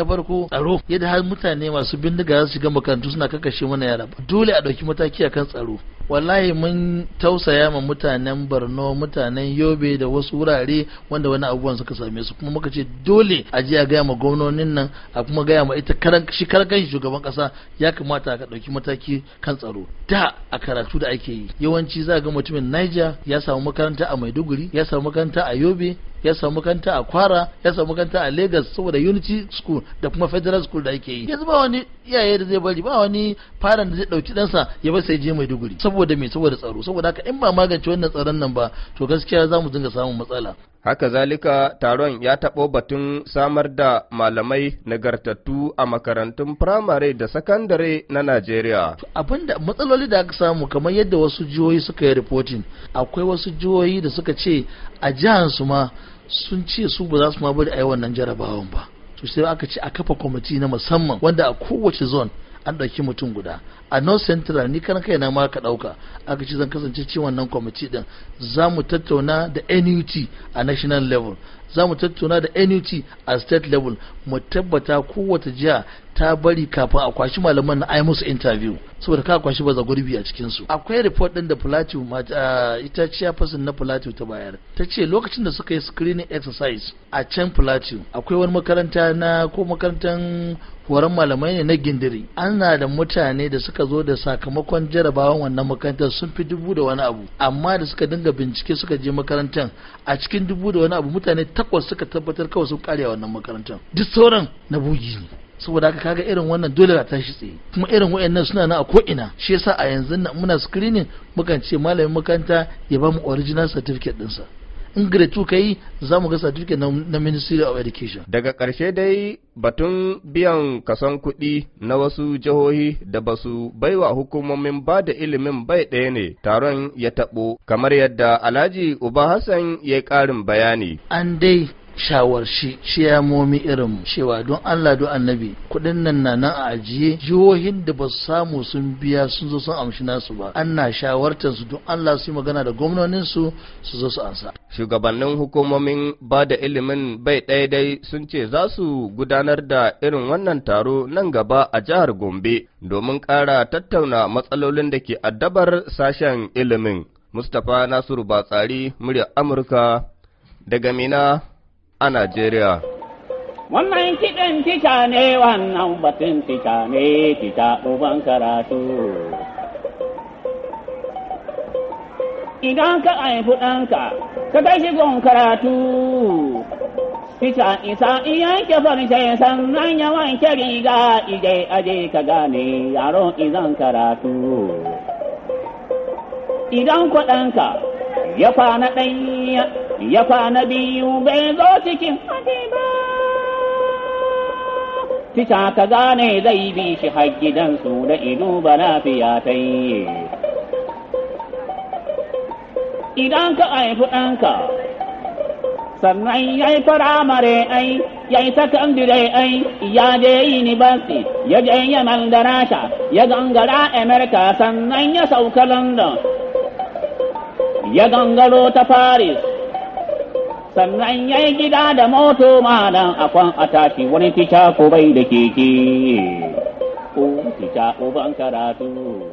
na farko tsaro yadda har mutane masu bindiga su shiga makarantu suna kakashe mana yara dole a ɗauki mataki akan tsaro wallahi mun tausaya ma mutanen barno mutanen Yobe da wasu wurare wanda wani abubuwan suka same su kuma muka ce dole a je a gaya ma gwamnonin nan a kuma gaya ma ita karan shi karan shugaban kasa ya kamata ka ɗauki mataki kan tsaro da a karatu da ake yi yawanci za ga mutumin Niger ya samu makaranta a Maiduguri ya samu makaranta a Yobe ya samu kanta a kwara ya samu kanta a Legas saboda unity school da kuma federal school da ake yi yanzu ba wani iyaye da zai bari ba wani fara da zai dauki ɗansa ya bar sai je maiduguri saboda me saboda tsaro saboda haka in ba magance wannan tsaron nan ba to gaskiya za mu dinga samun matsala haka zalika taron ya taɓo batun samar da malamai nagartattu a makarantun firamare da sakandare na najeriya abinda matsaloli da aka samu kamar yadda wasu jihohi suka yi reporting akwai wasu jihohi da suka ce a jihar su ma sun ce su ba za su ma bari a yi wannan jarabawan ba to sai aka ce a kafa kwamiti na musamman wanda a kowace zone an ɗauki mutum guda a north central ni kan na ma ka ɗauka aka ce zan kasance cikin wannan kwamiti din za mu tattauna da nut a national level za mu tattauna da NUT a state level mu tabbata kowace jiha ta bari kafin a kwashi malaman na ai musu interview saboda ka kwashi baza gurbi a cikin akwai report din da Plateau ah, ita ciya fasin na Plateau ta bayar ta ce lokacin da suka yi screening exercise a can Plateau akwai wani makaranta na ko makarantan horon malamai ne na gindiri ana da mutane da suka zo da sakamakon jarabawan wannan makarantar sun fi dubu da wani abu amma da suka dinga bincike suka je makarantar a cikin dubu da wani abu mutane takwas suka tabbatar kawai sun kare wannan makarantar duk sauran na bugi ne saboda haka kaga irin wannan dole a tashi tsaye kuma irin wayannan suna na a ko ina shi yasa a yanzu muna screening mukan ce malamin makaranta ya ba mu original certificate ɗinsa in grade 2 kai za mu ga certificate na ministry of education daga ƙarshe dai batun biyan kason kuɗi na wasu jihohi da ba su baiwa hukumomin ba da ilimin bai ɗaya ne taron ya taɓo kamar yadda alhaji uba hassan ya ƙarin bayani an dai shawarci shi ya momi irin cewa don Allah don annabi kuɗin nan na nan a ajiye jihohin da ba su samu sun biya sun zo sun amshi nasu ba ana shawartar su don Allah su yi magana da gwamnonin su zo su ansa shugabannin hukumomin ba da ilimin bai ɗaya dai sun ce za su gudanar da irin wannan taro nan gaba a jihar Gombe domin ƙara tattauna matsalolin da ke addabar sashen ilimin Mustapha Nasiru Batsari, murya Amurka, daga Mina a Najeriya. Wannan kiɗin tica ne wannan batun tica ne tica ɗuban karatu. Idan ka haifi ɗanka, ka kai shi karatu. Tica isa iya ke farce sannan ya wanke riga ije aje ka gane yaro izan karatu. Idan kuɗanka ya fa na ɗanya, ya fa na biyu bai zo cikin haɗi ba tisha ka gane zai bi shi har gidansu da ido ba lafiya ta yi idan ka haifi ɗanka sannan ya yi firamare ai ya yi sakandire ai ya je yunibasti ya je yi da rasha ya gangara amerika sannan ya sauka london ya gangaro ta Paris, sannan ya yi gida da moto ma akwan a tashi wani tica ko bai da keke, ko tica uban karatu.